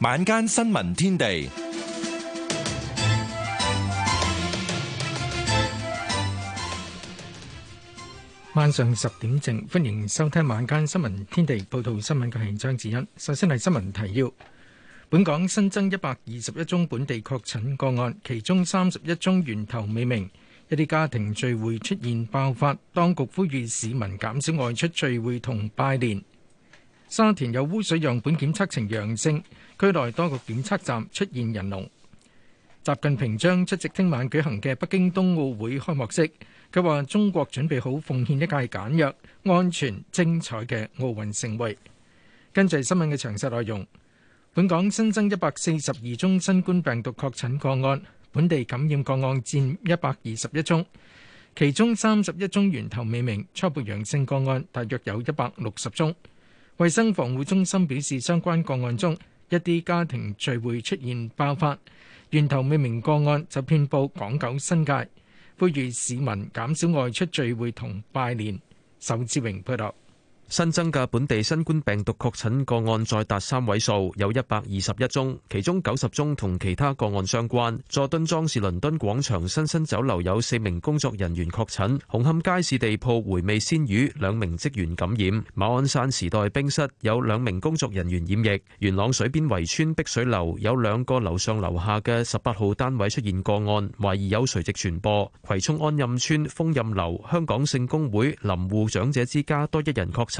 晚間新聞天地，晚上十點正，歡迎收聽晚間新聞天地。報道新聞嘅係張子欣。首先係新聞提要：本港新增一百二十一宗本地確診個案，其中三十一宗源頭未明，一啲家庭聚會出現爆發，當局呼籲市民減少外出聚會同拜年。沙田有污水樣本檢測呈陽性。區內多個檢測站出現人龍。習近平將出席聽晚舉行嘅北京冬奧會開幕式。佢話：中國準備好奉獻一屆簡約、安全、精彩嘅奧運盛會。跟住係新聞嘅詳細內容。本港新增一百四十二宗新冠病毒確診個案，本地感染個案佔一百二十一宗，其中三十一宗源頭未明，初步陽性個案，大約有一百六十宗。衛生防護中心表示，相關個案中。一啲家庭聚會出現爆發，源頭未明個案就遍布港九新界，呼籲市民減少外出聚會同拜年。仇志榮報導。新增嘅本地新冠病毒確診個案再達三位數，有一百二十一宗，其中九十宗同其他個案相關。佐敦莊是倫敦廣場新新酒樓有四名工作人員確診，紅磡街市地鋪回味鮮魚兩名職員感染，馬鞍山時代冰室有兩名工作人員染疫，元朗水邊圍村碧水樓有兩個樓上樓下嘅十八號單位出現個案，懷疑有垂直傳播。葵涌安蔭村豐蔭樓香港聖公會林護長者之家多一人確診。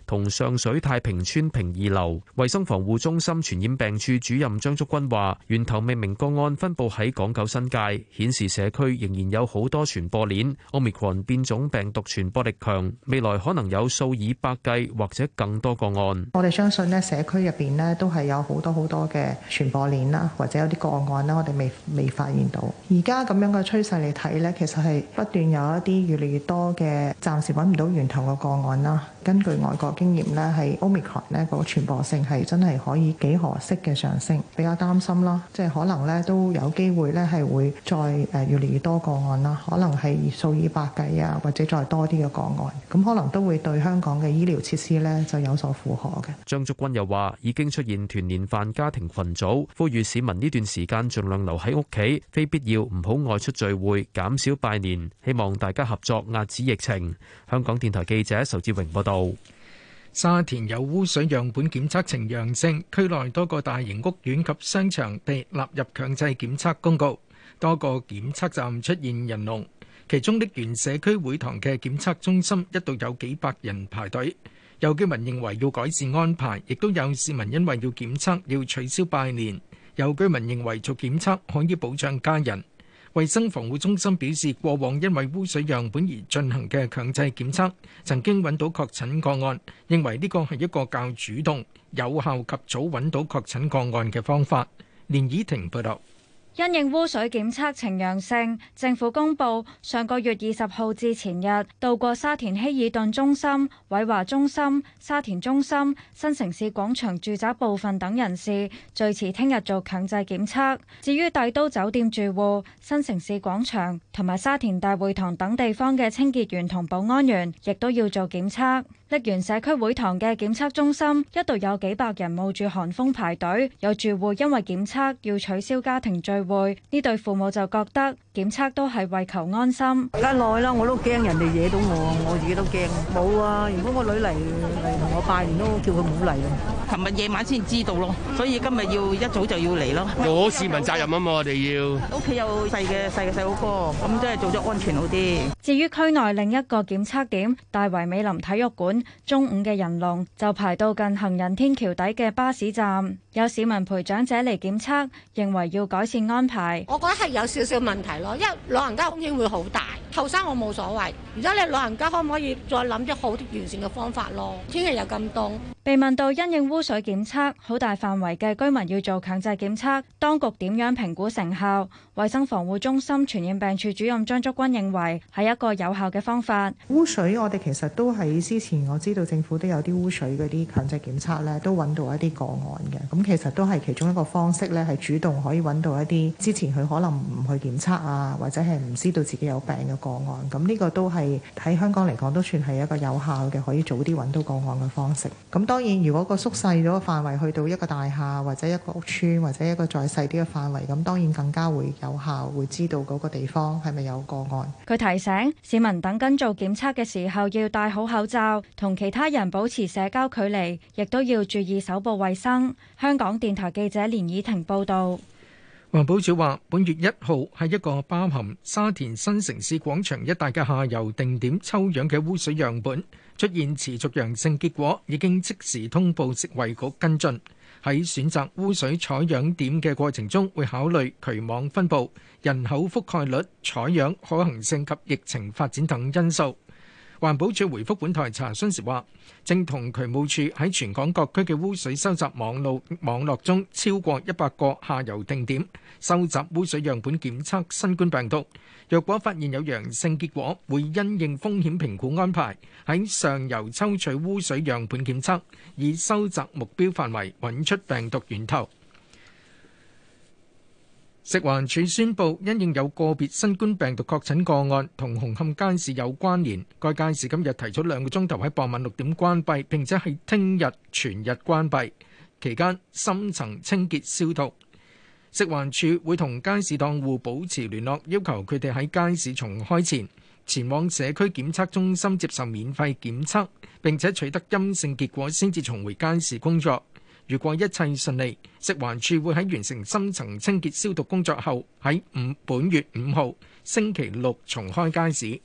同上水太平村平二樓。衛生防護中心傳染病處主任張竹君話：源頭未明個案分佈喺港九新界，顯示社區仍然有好多傳播鏈。Omicron 變種病毒傳播力強，未來可能有數以百計或者更多個案。我哋相信咧，社區入邊咧都係有好多好多嘅傳播鏈啦，或者有啲個案啦，我哋未未發現到。而家咁樣嘅趨勢嚟睇咧，其實係不斷有一啲越嚟越多嘅暫時揾唔到源頭嘅個案啦。根據外國。經驗呢係 Omicron 呢個傳播性係真係可以幾何式嘅上升，比較擔心啦。即係可能呢都有機會呢係會再誒越嚟越多個案啦，可能係數以百計啊，或者再多啲嘅個案，咁可能都會對香港嘅醫療設施呢就有所負荷嘅。張竹君又話：已經出現團年飯家庭群組，呼籲市民呢段時間盡量留喺屋企，非必要唔好外出聚會，減少拜年，希望大家合作壓止疫情。香港電台記者仇志榮報道。沙田有污水樣本檢測呈陽性，區內多個大型屋苑及商場被納入強制檢測公告，多個檢測站出現人龍，其中瀝源社區會堂嘅檢測中心一度有幾百人排隊，有居民認為要改善安排，亦都有市民因為要檢測要取消拜年。有居民認為做檢測可以保障家人。衛生防護中心表示，過往因為污水樣本而進行嘅強制檢測，曾經揾到確診個案，認為呢個係一個較主動、有效及早揾到確診個案嘅方法。連以婷報道。因應污水檢測呈陽性，政府公布上個月二十號至前日到過沙田希爾頓中心、偉華中心、沙田中心、新城市廣場住宅部分等人士，最遲聽日做強制檢測。至於帝都酒店住戶、新城市廣場同埋沙田大會堂等地方嘅清潔員同保安員，亦都要做檢測。德源社區會堂嘅檢測中心一度有幾百人冒住寒風排隊，有住戶因為檢測要取消家庭聚會，呢對父母就覺得。檢測都係為求安心，咁耐啦，我都驚人哋惹到我，我自己都驚。冇啊，如果個女嚟嚟同我拜年都叫佢冇嚟啊。琴日夜晚先知道咯，所以今日要一早就要嚟咯。做好市民責任啊嘛，我哋要。屋企有細嘅細嘅細佬哥，咁即係做咗安全好啲。至於區內另一個檢測點大圍美林體育館，中午嘅人龍就排到近行人天橋底嘅巴士站。有市民陪長者嚟檢測，認為要改善安排。我覺得係有少少問題咯，因為老人家風險會好大。後生我冇所謂，而家你老人家可唔可以再諗啲好完善嘅方法咯？天氣又咁凍。被問到因應污水檢測，好大範圍嘅居民要做強制檢測，當局點樣評估成效？衛生防護中心傳染病處主任張竹君認為係一個有效嘅方法。污水，我哋其實都喺之前我知道政府都有啲污水嗰啲強制檢測咧，都揾到一啲個案嘅。咁其實都係其中一個方式咧，係主動可以揾到一啲之前佢可能唔去檢測啊，或者係唔知道自己有病嘅個案。咁呢個都係喺香港嚟講都算係一個有效嘅可以早啲揾到個案嘅方式。咁當然，如果個縮細咗嘅範圍去到一個大廈或者一個屋村或者一個再細啲嘅範圍，咁當然更加會有效，會知道嗰個地方係咪有個案。佢提醒市民等緊做檢測嘅時候要戴好口罩，同其他人保持社交距離，亦都要注意手部衛生。香港電台記者連以婷報道。環保署話，本月一號係一個包含沙田新城市廣場一帶嘅下游定點抽樣嘅污水樣本，出現持續陽性結果，已經即時通報食衞局跟進。喺選擇污水採樣點嘅過程中，會考慮渠網分布、人口覆蓋率、採樣可行性及疫情發展等因素。環保署回覆本台查詢時話，正同渠務處喺全港各區嘅污水收集網路網絡中，超過一百個下游定點收集污水樣本檢測新冠病毒。若果發現有陽性結果，會因應風險評估安排喺上游抽取污水樣本檢測，以收集目標範圍揾出病毒源頭。食環署宣佈，因應有個別新冠病毒確診個案同紅磡街市有關聯，該街市今日提早兩個鐘頭喺傍晚六點關閉，並且喺聽日全日關閉，期間深層清潔消毒。食環署會同街市檔戶保持聯絡，要求佢哋喺街市重開前前往社區檢測中心接受免費檢測，並且取得陰性結果先至重回街市工作。如果一切順利，食環署會喺完成深層清潔消毒工作後，喺五本月五號星期六重開街市。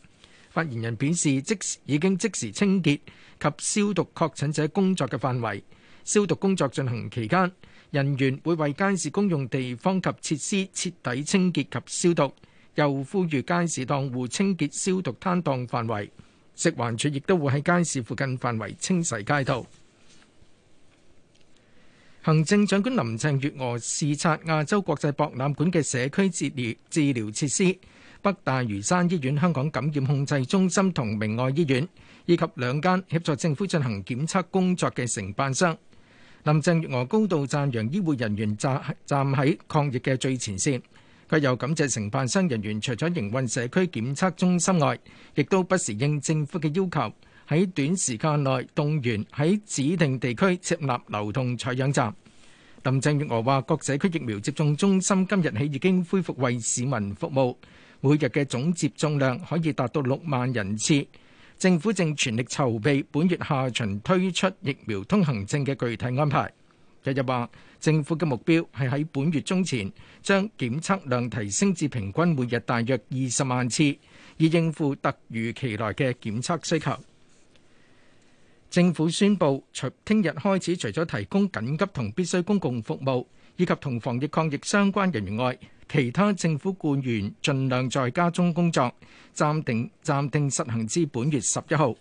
發言人表示，即已經即時清潔及消毒確診者工作嘅範圍。消毒工作進行期間，人員會為街市公用地方及設施徹底清潔及消毒，又呼籲街市檔戶清潔消毒攤檔範圍。食環署亦都會喺街市附近範圍清洗街道。行政長官林鄭月娥視察亞洲國際博覽館嘅社區治療治療設施、北大嶼山醫院、香港感染控制中心同明愛醫院，以及兩間協助政府進行檢測工作嘅承辦商。林鄭月娥高度讚揚醫護人員站站喺抗疫嘅最前線，佢又感謝承辦商人員除咗營運社區檢測中心外，亦都不時應政府嘅要求，喺短時間內動員喺指定地區設立流動採樣站。林鄭月娥話：各社區疫苗接種中心今日起已經恢復為市民服務，每日嘅總接種量可以達到六萬人次。政府正全力籌備本月下旬推出疫苗通行證嘅具體安排。日日話，政府嘅目標係喺本月中前將檢測量提升至平均每日大約二十萬次，以應付突如其來嘅檢測需求。政府宣布，從聽日開始，除咗提供緊急同必須公共服務以及同防疫抗疫相關人員外，其他政府僱員盡量在家中工作，暫定暫定實行至本月十一號。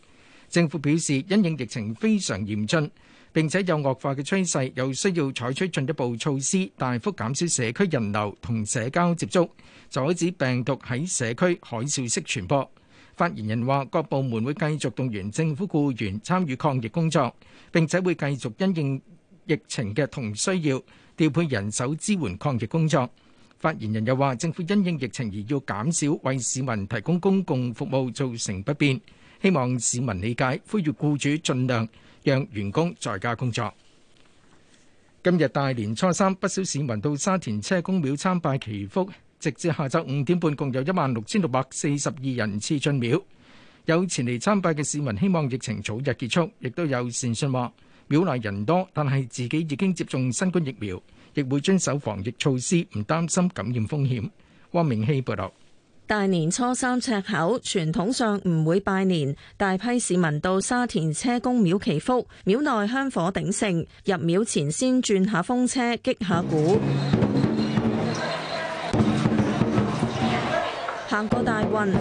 政府表示，因應疫情非常嚴峻，並且有惡化嘅趨勢，有需要採取進一步措施，大幅減少社區人流同社交接觸，阻止病毒喺社區海嘯式傳播。發言人話：各部門會繼續動員政府僱員參與抗疫工作，並且會繼續因應疫情嘅同需要調配人手支援抗疫工作。發言人又話：政府因應疫情而要減少為市民提供公共服務，造成不便，希望市民理解，呼籲僱主盡量讓員工在家工作。今日大年初三，不少市民到沙田車公廟參拜祈福。直至下晝五點半，共有一萬六千六百四十二人次進廟。有前嚟參拜嘅市民希望疫情早日結束，亦都有善信話廟內人多，但係自己已經接種新冠疫苗，亦會遵守防疫措施，唔擔心感染風險。汪明希報道。大年初三赤口，傳統上唔會拜年，大批市民到沙田車公廟祈福，廟內香火鼎盛，入廟前先轉下風車，擊下鼓，行過大運，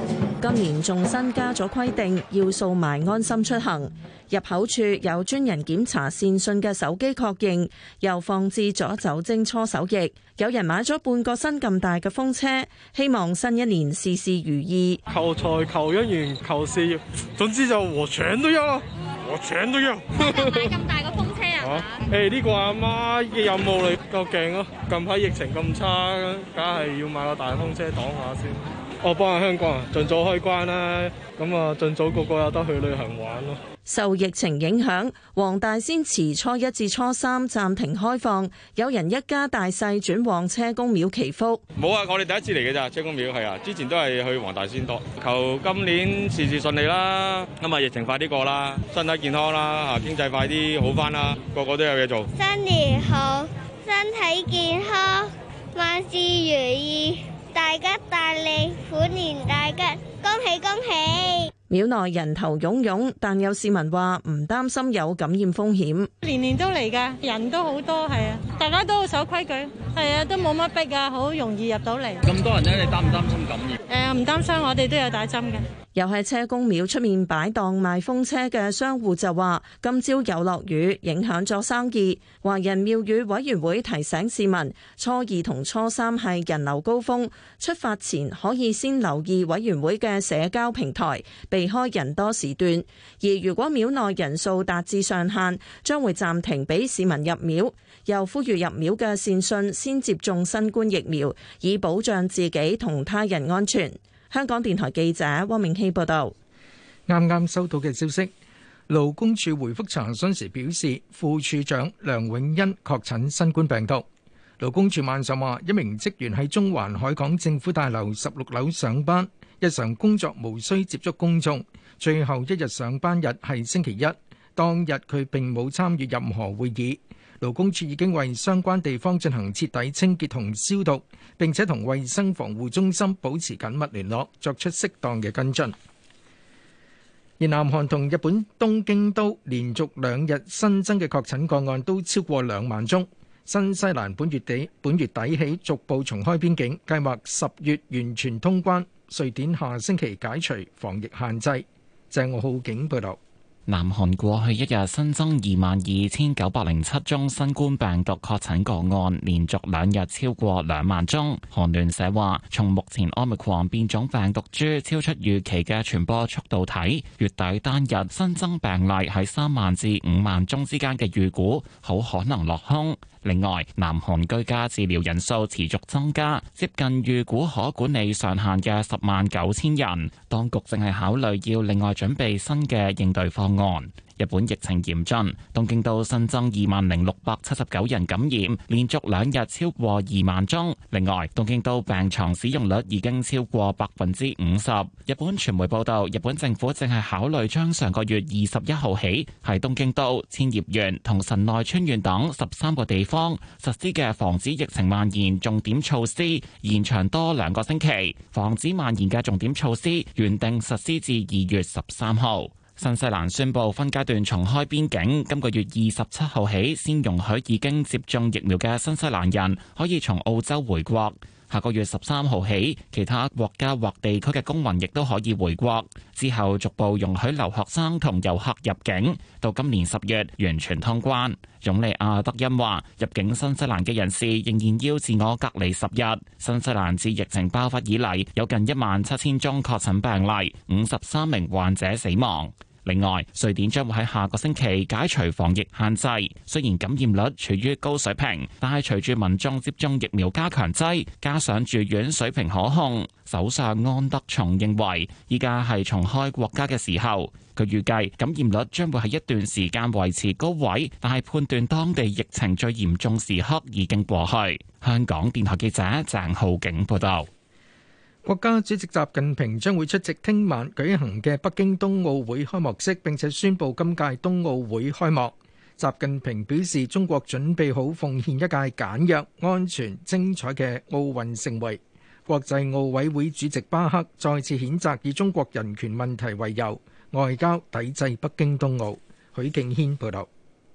今年仲新加咗規定，要掃埋安心出行。入口處有專人檢查，善信嘅手機確認，又放置咗酒精搓手液。有人買咗半個新咁大嘅風車，希望新一年事事如意。求財、求姻緣、求事業，總之就和場都要咯，和場都要。都要 買咁大個風車啊！誒，呢個阿媽嘅任務嚟，夠勁咯。近排疫情咁差，梗係要買個大風車擋下先。我幫下香港啊，盡早開關啦，咁啊盡早個個有得去旅行玩咯。受疫情影響，黃大仙祠初一至初三暫停開放，有人一家大細轉往車公廟祈福。冇啊，我哋第一次嚟嘅咋？車公廟係啊，之前都係去黃大仙多。求今年事事順利啦，咁啊疫情快啲過啦，身體健康啦，啊經濟快啲好翻啦，個個都有嘢做。新年好，身體健康，萬事如意。大吉大利，虎年大吉，恭喜恭喜！廟內人頭湧湧，但有市民話唔擔心有感染風險。年年都嚟噶，人都好多，係啊，大家都好守規矩，係啊，都冇乜逼噶，好容易入到嚟。咁多人咧，你擔唔擔心感染？誒，唔擔心，我哋都有打針嘅。又係車公廟出面擺檔賣風車嘅商戶就話：今朝有落雨，影響咗生意。華人廟宇委員會提醒市民，初二同初三係人流高峰，出發前可以先留意委員會嘅社交平台，避開人多時段。而如果廟內人數達至上限，將會暫停俾市民入廟。又呼籲入廟嘅善信先接種新冠疫苗，以保障自己同他人安全。香港電台記者汪明希報道，啱啱收到嘅消息，勞工處回覆查詢時表示，副處長梁永欣確診新冠病毒。勞工處晚上話，一名職員喺中環海港政府大樓十六樓上班，日常工作無需接觸公眾，最後一日上班日係星期一，當日佢並冇參與任何會議。勞工處已經為相關地方進行徹底清潔同消毒，並且同衛生防護中心保持緊密聯絡，作出適當嘅跟進。而南韓同日本東京都連續兩日新增嘅確診個案都超過兩萬宗。新西蘭本月底本月底起逐步重開邊境，計劃十月完全通關。瑞典下星期解除防疫限制。鄭浩景報道。南韓過去一日新增二萬二千九百零七宗新冠病毒確診個案，連續兩日超過兩萬宗。韓聯社話，從目前奧密克戎變種病毒株超出預期嘅傳播速度睇，月底單日新增病例喺三萬至五萬宗之間嘅預估好可能落空。另外，南韓居家治療人數持續增加，接近預估可管理上限嘅十萬九千人，當局正係考慮要另外準備新嘅應對方案。日本疫情嚴峻，東京都新增二萬零六百七十九人感染，連續兩日超過二萬宗。另外，東京都病床使用率已經超過百分之五十。日本傳媒報道，日本政府正係考慮將上個月二十一號起喺東京都、千葉縣同神奈川縣等十三個地方實施嘅防止疫情蔓延重點措施延長多兩個星期。防止蔓延嘅重點措施原定實施至二月十三號。新西蘭宣布分階段重開邊境，今個月二十七號起，先容許已經接種疫苗嘅新西蘭人可以從澳洲回國。下個月十三號起，其他國家或地區嘅公民亦都可以回國，之後逐步容許留學生同遊客入境，到今年十月完全通關。總理阿德恩話，入境新西蘭嘅人士仍然要自我隔離十日。新西蘭自疫情爆發以嚟，有近一萬七千宗確診病例，五十三名患者死亡。另外，瑞典將會喺下個星期解除防疫限制。雖然感染率處於高水平，但係隨住民眾接種疫苗加強劑，加上住院水平可控，首相安德松認為依家係重開國家嘅時候。佢預計感染率將會喺一段時間維持高位，但係判斷當地疫情最嚴重時刻已經過去。香港電台記者鄭浩景報道。國家主席習近平將會出席聽晚舉行嘅北京冬奧會開幕式，並且宣布今屆冬奧會開幕。習近平表示，中國準備好奉獻一屆簡約、安全、精彩嘅奧運盛會。國際奧委會主席巴克再次譴責以中國人權問題為由，外交抵制北京冬奧。許敬軒報道。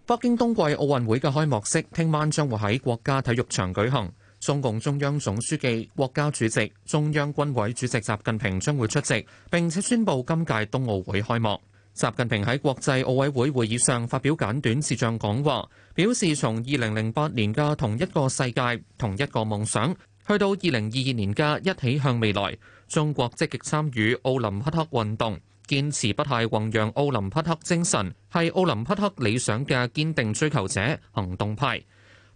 北京冬季奧運會嘅開幕式聽晚將會喺國家體育場舉行。中共中央總書記、國家主席、中央軍委主席習近平將會出席，並且宣布今屆冬奧會開幕。習近平喺國際奧委會會議上發表簡短視像講話，表示從二零零八年嘅同一個世界、同一個夢想，去到二零二二年嘅一起向未來，中國積極參與奧林匹克運動，堅持不懈弘揚奧林匹克精神，係奧林匹克理想嘅堅定追求者、行動派。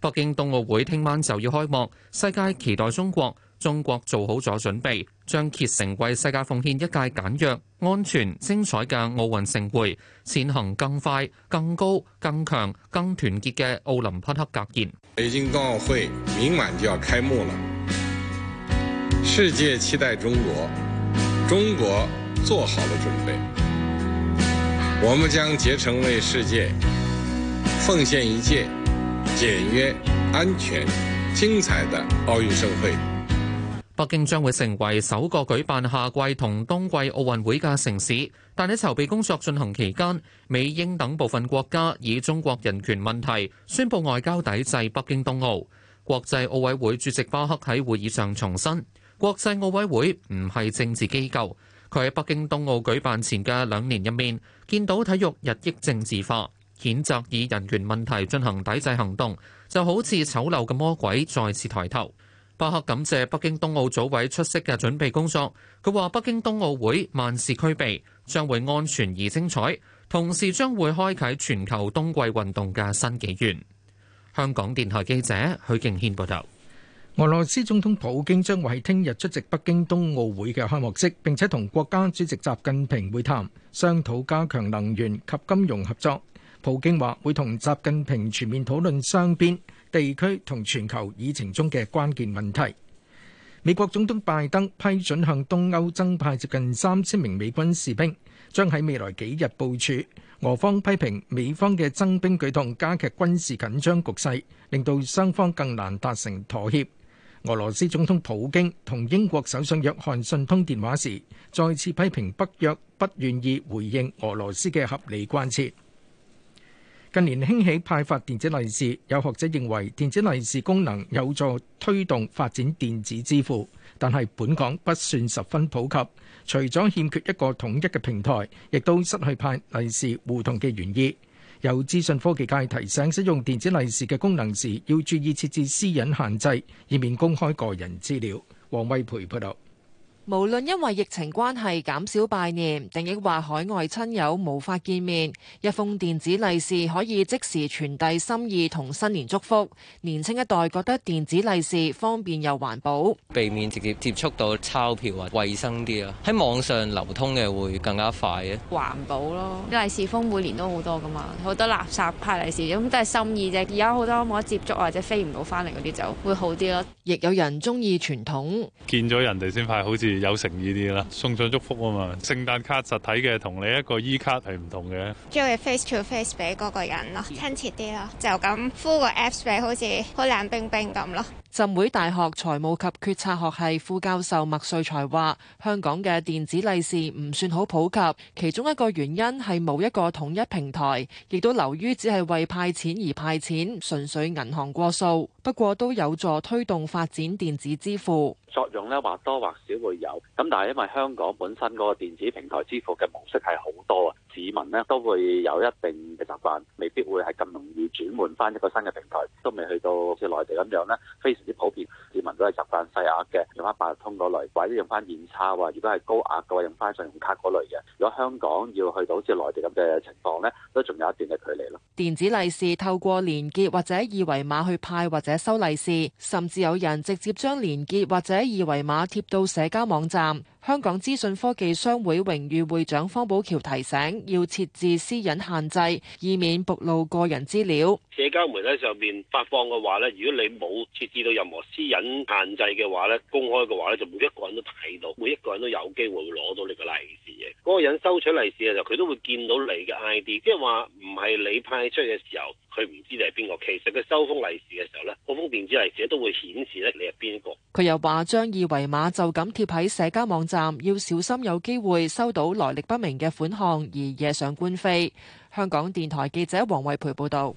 北京冬奧會聽晚就要開幕，世界期待中國，中國做好咗準備，將竭誠為世界奉獻一屆簡約、安全、精彩嘅奧運盛會，踐行更快、更高、更強、更團結嘅奧林匹克格言。北京冬奧會明晚就要開幕了，世界期待中國，中國做好了準備，我們將竭誠為世界奉獻一屆。簡約、安全、精彩的奧運盛會。北京將會成為首個舉辦夏季同冬季奧運會嘅城市，但喺籌備工作進行期間，美英等部分國家以中國人權問題宣布外交抵制北京冬奧。國際奧委會主席巴克喺會議上重申，國際奧委會唔係政治機構。佢喺北京冬奧舉辦前嘅兩年入面，見到體育日益政治化。譴責以人權問題進行抵制行動，就好似醜陋嘅魔鬼再次抬頭。巴赫感謝北京冬奧組委出色嘅準備工作，佢話北京冬奧會萬事俱備，將會安全而精彩，同時將會開啟全球冬季運動嘅新紀元。香港電台記者許敬軒報道。俄羅斯總統普京將會喺聽日出席北京冬奧會嘅開幕式，並且同國家主席習近平會談，商討加強能源及金融合作。普京話會同習近平全面討論雙邊地區同全球議程中嘅關鍵問題。美國總統拜登批准向東歐增派接近三千名美軍士兵，將喺未來幾日部署。俄方批評美方嘅增兵舉動加劇軍事緊張局勢，令到雙方更難達成妥協。俄羅斯總統普京同英國首相約翰遜通電話時，再次批評北約不願意回應俄羅斯嘅合理關切。近年興起派發電子利是，有學者認為電子利是功能有助推動發展電子支付，但係本港不算十分普及。除咗欠缺一個統一嘅平台，亦都失去派利是互動嘅原意。有資訊科技界提醒，使用電子利是嘅功能時要注意設置私隱限制，以免公開個人資料。黃威培報道。無論因為疫情關係減少拜年，定抑或海外親友無法見面，一封電子利是可以即時傳遞心意同新年祝福。年輕一代覺得電子利是方便又環保，避免直接接觸到鈔票或衛生啲啊。喺網上流通嘅會更加快啊，環保咯。利是封每年都好多㗎嘛，好多垃圾派利是，咁都係心意啫。而家好多冇得接觸或者飛唔到翻嚟嗰啲就會好啲咯。亦有人中意傳統，見咗人哋先派，好似。 有誠意啲啦，送上祝福啊嘛！聖誕卡實體嘅同你一個 E 卡係唔同嘅，將 嚟 face to face 俾嗰個人咯， 親切啲咯，就咁敷個 apps 俾，好似好冷冰冰咁咯。浸會大學財務及決策學系副教授麥瑞才話：香港嘅電子利是唔算好普及，其中一個原因係冇一個統一平台，亦都流於只係為派錢而派錢，純粹銀行過數。不過都有助推動發展電子支付。作用咧，或多或少會有。咁但係因為香港本身嗰個電子平台支付嘅模式係好多啊。市民呢都會有一定嘅習慣，未必會係咁容易轉換翻一個新嘅平台，都未去到好似內地咁樣呢，非常之普遍。市民都係習慣細額嘅用翻八達通嗰類，或者用翻現鈔。或者如果係高額嘅話，用翻信用卡嗰類嘅。如果香港要去到好似內地咁嘅情況呢，都仲有一段嘅距離咯。電子利是透過連結或者二維碼去派或者收利是，甚至有人直接將連結或者二維碼貼到社交網站。香港資訊科技商會榮譽會長方保僑提醒，要設置私隱限制，以免暴露個人資料。社交媒體上面發放嘅話咧，如果你冇設置到任何私隱限制嘅話咧，公開嘅話咧，就每一個人都睇到，每一個人都有機會會攞到你個利是嘅嗰個人收取利是嘅時候，佢都會見到你嘅 I D，即係話唔係你派出去嘅時候，佢唔知你係邊個。其實佢收封利是嘅時候咧，封電子利是都會顯示咧你係邊個。佢又話：將二維碼就咁貼喺社交網站，要小心有機會收到來歷不明嘅款項而惹上官非。香港電台記者黃慧培報導。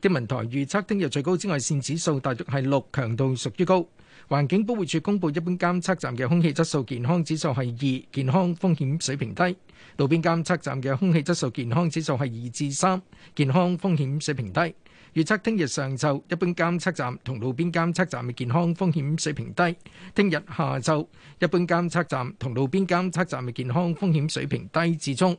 天文台預測聽日最高紫外線指數大約係六，強度屬於高。環境保護署公布一般監測站嘅空氣質素健康指數係二，健康風險水平低；路邊監測站嘅空氣質素健康指數係二至三，健康風險水平低。預測聽日上晝一般監測站同路邊監測站嘅健康風險水平低；聽日下晝一般監測站同路邊監測站嘅健康風險水平低至中。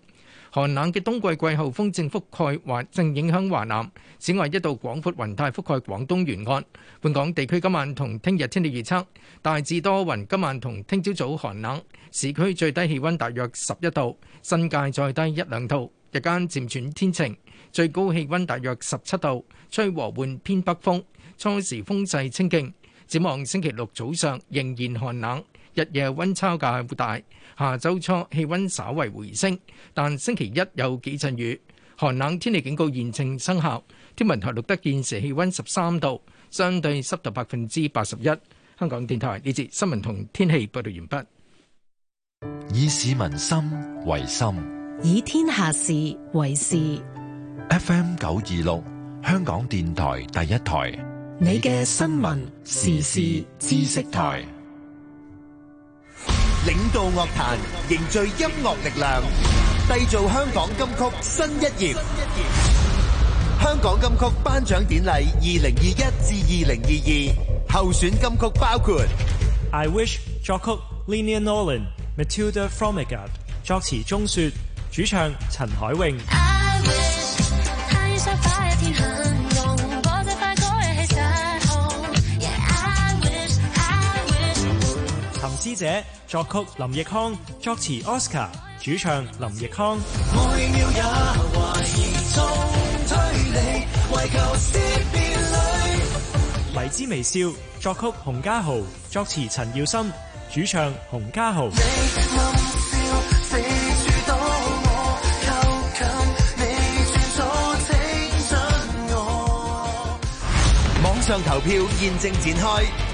寒冷嘅冬季季候風正覆蓋或正影響華南。此外，一道廣闊雲帶覆蓋廣東沿岸。本港地區今晚同聽日天氣預測大致多雲，今晚同聽朝早寒冷，市區最低氣溫大約十一度，新界再低一兩度。日間漸轉天晴，最高氣溫大約十七度，吹和緩偏北風，初時風勢清勁，展望星期六早上仍然寒冷。日夜溫差較大，下周初氣溫稍為回升，但星期一有幾陣雨，寒冷天氣警告現正生效。天文台錄得現時氣溫十三度，相對濕度百分之八十一。香港電台呢節新聞同天氣報道完畢。以市民心為心，以天下事為事。F.M. 九二六，香港電台第一台，你嘅新聞時事知識台。領導樂壇，凝聚音樂力量，締造香港金曲新一頁。香港金曲頒獎典禮2021至2022，候選金曲包括 I wish 作曲 Linnea Nolan, Matilda Fromagab，作詞鍾雪。知者作曲林奕匡，作詞 Oscar，主唱林奕匡。每秒也懷疑中推理。迷之微笑作曲洪嘉豪，作詞陳耀森，主唱洪嘉豪。你你暗笑，住我？你請我靠近，網上投票現正展開。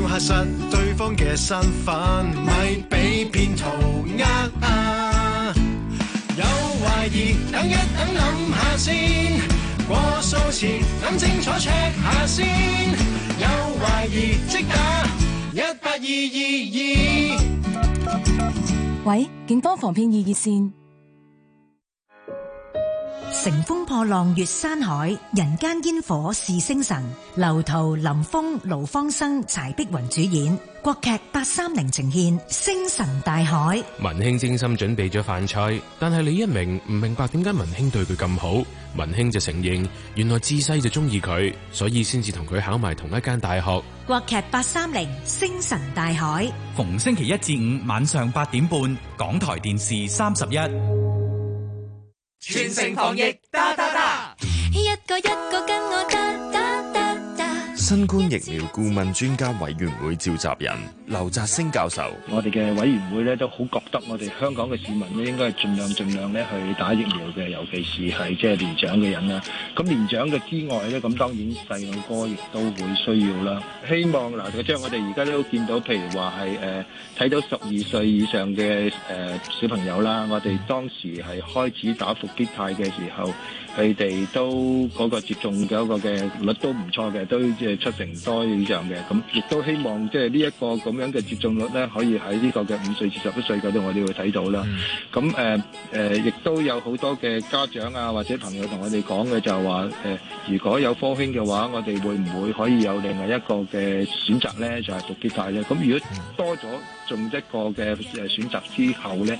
要核實對方嘅身份，咪俾騙徒呃。啊？有懷疑，等一等諗下先。過數前諗清楚 check 下先。有懷疑即打一八二二二。喂，警方防騙易熱線。乘風破浪越山海，人間煙火是星辰。劉濤林峯盧芳生，柴碧雲主演。國劇八三零呈現《星辰大海》。文興精心準備咗飯菜，但係李一鳴唔明白點解文興對佢咁好。文興就承認，原來自細就中意佢，所以先至同佢考埋同一間大學。國劇八三零《星辰大海》。逢星期一至五晚上八點半，港台電視三十一。全城防疫，噠噠噠，一個人。新冠疫苗顧問專家委員會召集人劉澤星教授：我哋嘅委員會咧都好覺得，我哋香港嘅市民咧應該係盡量盡量咧去打疫苗嘅，尤其是係即係年長嘅人啦。咁年長嘅之外咧，咁當然細路哥亦都會需要啦。希望嗱，將，即係、我哋而家都見到，譬如話係誒睇到十二歲以上嘅誒、呃、小朋友啦，我哋當時係開始打復必泰嘅時候，佢哋都嗰、嗰個接種嘅個嘅率都唔錯嘅，都即係。七成多以上嘅，咁亦都希望即係呢一個咁樣嘅接種率咧，可以喺呢個嘅五歲至十一歲嗰度，我哋會睇到啦。咁誒誒，亦都有好多嘅家長啊，或者朋友同我哋講嘅就係話，誒如果有科興嘅話，我哋會唔會可以有另外一個嘅選擇咧？就係讀幾快咧？咁如果多咗仲一個嘅誒選擇之後咧？